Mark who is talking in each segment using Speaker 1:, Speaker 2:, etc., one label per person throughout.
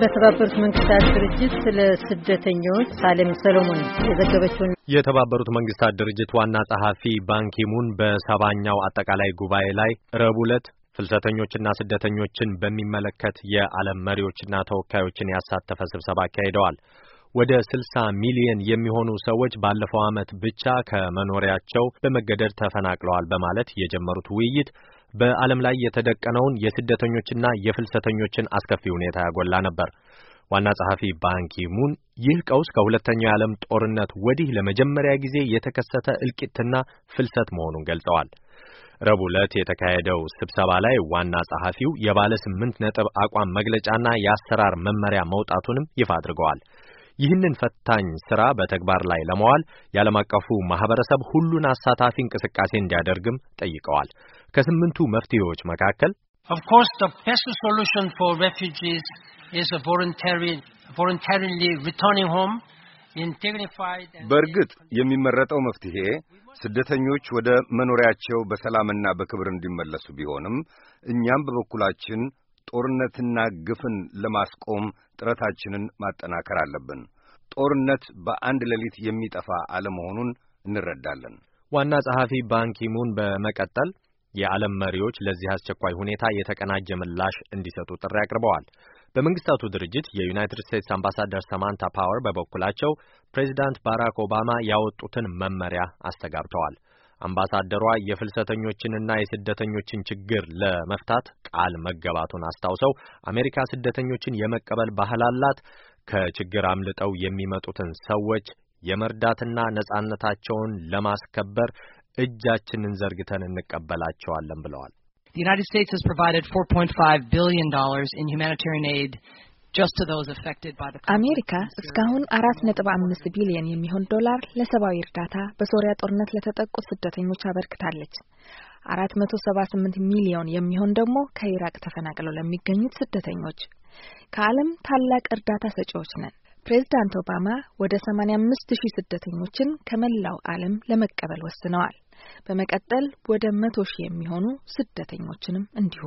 Speaker 1: በተባበሩት መንግስታት ድርጅት ስለ ስደተኞች ሳሌም ሰሎሞን የዘገበችውን
Speaker 2: የተባበሩት መንግስታት ድርጅት ዋና ጸሐፊ ባንኪሙን በሰባኛው አጠቃላይ ጉባኤ ላይ ረቡዕ ዕለት ፍልሰተኞችና ስደተኞችን በሚመለከት የዓለም መሪዎችና ተወካዮችን ያሳተፈ ስብሰባ አካሂደዋል። ወደ 60 ሚሊዮን የሚሆኑ ሰዎች ባለፈው ዓመት ብቻ ከመኖሪያቸው በመገደድ ተፈናቅለዋል በማለት የጀመሩት ውይይት በዓለም ላይ የተደቀነውን የስደተኞችና የፍልሰተኞችን አስከፊ ሁኔታ ያጎላ ነበር። ዋና ጸሐፊ ባንኪሙን ይህ ቀውስ ከሁለተኛው የዓለም ጦርነት ወዲህ ለመጀመሪያ ጊዜ የተከሰተ እልቂትና ፍልሰት መሆኑን ገልጸዋል። ረቡዕ ዕለት የተካሄደው ስብሰባ ላይ ዋና ጸሐፊው የባለ ስምንት ነጥብ አቋም መግለጫና የአሰራር መመሪያ መውጣቱንም ይፋ አድርገዋል። ይህንን ፈታኝ ስራ በተግባር ላይ ለመዋል የዓለም አቀፉ ማህበረሰብ ሁሉን አሳታፊ እንቅስቃሴ እንዲያደርግም ጠይቀዋል። ከስምንቱ መፍትሄዎች መካከል Of course, the best solution for refugees is a voluntary, voluntarily returning home in dignified በእርግጥ የሚመረጠው መፍትሄ ስደተኞች ወደ መኖሪያቸው በሰላምና በክብር እንዲመለሱ ቢሆንም እኛም በበኩላችን ጦርነትና ግፍን ለማስቆም ጥረታችንን ማጠናከር አለብን። ጦርነት በአንድ ሌሊት የሚጠፋ አለመሆኑን እንረዳለን። ዋና ጸሐፊ ባንኪሙን በመቀጠል የዓለም መሪዎች ለዚህ አስቸኳይ ሁኔታ የተቀናጀ ምላሽ እንዲሰጡ ጥሪ አቅርበዋል። በመንግስታቱ ድርጅት የዩናይትድ ስቴትስ አምባሳደር ሰማንታ ፓወር በበኩላቸው ፕሬዚዳንት ባራክ ኦባማ ያወጡትን መመሪያ አስተጋብተዋል። አምባሳደሯ የፍልሰተኞችንና የስደተኞችን ችግር ለመፍታት ቃል መገባቱን አስታውሰው አሜሪካ ስደተኞችን የመቀበል ባህል አላት፣ ከችግር አምልጠው የሚመጡትን ሰዎች የመርዳትና ነጻነታቸውን ለማስከበር እጃችንን ዘርግተን እንቀበላቸዋለን ብለዋል።
Speaker 3: The United States has provided $4.5 billion dollars in humanitarian aid
Speaker 1: አሜሪካ እስካሁን አራት ነጥብ አምስት ቢሊዮን የሚሆን ዶላር ለሰብአዊ እርዳታ በሶሪያ ጦርነት ለተጠቁት ስደተኞች አበርክታለች። አራት መቶ ሰባ ስምንት ሚሊዮን የሚሆን ደግሞ ከኢራቅ ተፈናቅለው ለሚገኙት ስደተኞች። ከዓለም ታላቅ እርዳታ ሰጪዎች ነን። ፕሬዚዳንት ኦባማ ወደ 85 አምስት ሺህ ስደተኞችን ከመላው ዓለም ለመቀበል ወስነዋል። በመቀጠል ወደ መቶ ሺህ የሚሆኑ
Speaker 3: ስደተኞችንም እንዲሁ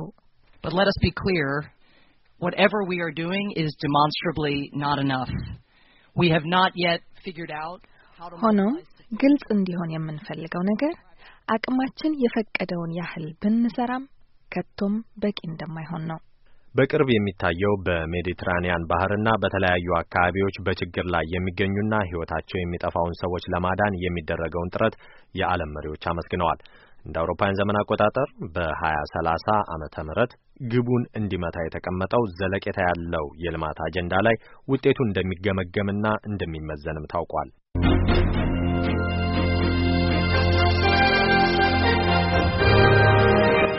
Speaker 3: whatever we are doing is demonstrably not enough. We have not yet figured out how to ሆኖም
Speaker 1: ግልጽ እንዲሆን የምንፈልገው ነገር አቅማችን የፈቀደውን ያህል ብንሰራም ከቶም በቂ እንደማይሆን ነው።
Speaker 2: በቅርብ የሚታየው በሜዲትራኒያን ባህርና በተለያዩ አካባቢዎች በችግር ላይ የሚገኙና ሕይወታቸው የሚጠፋውን ሰዎች ለማዳን የሚደረገውን ጥረት የዓለም መሪዎች አመስግነዋል። እንደ አውሮፓውያን ዘመን አቆጣጠር በ2030 ዓመተ ምህረት ግቡን እንዲመታ የተቀመጠው ዘለቄታ ያለው የልማት አጀንዳ ላይ ውጤቱ እንደሚገመገምና እንደሚመዘንም ታውቋል።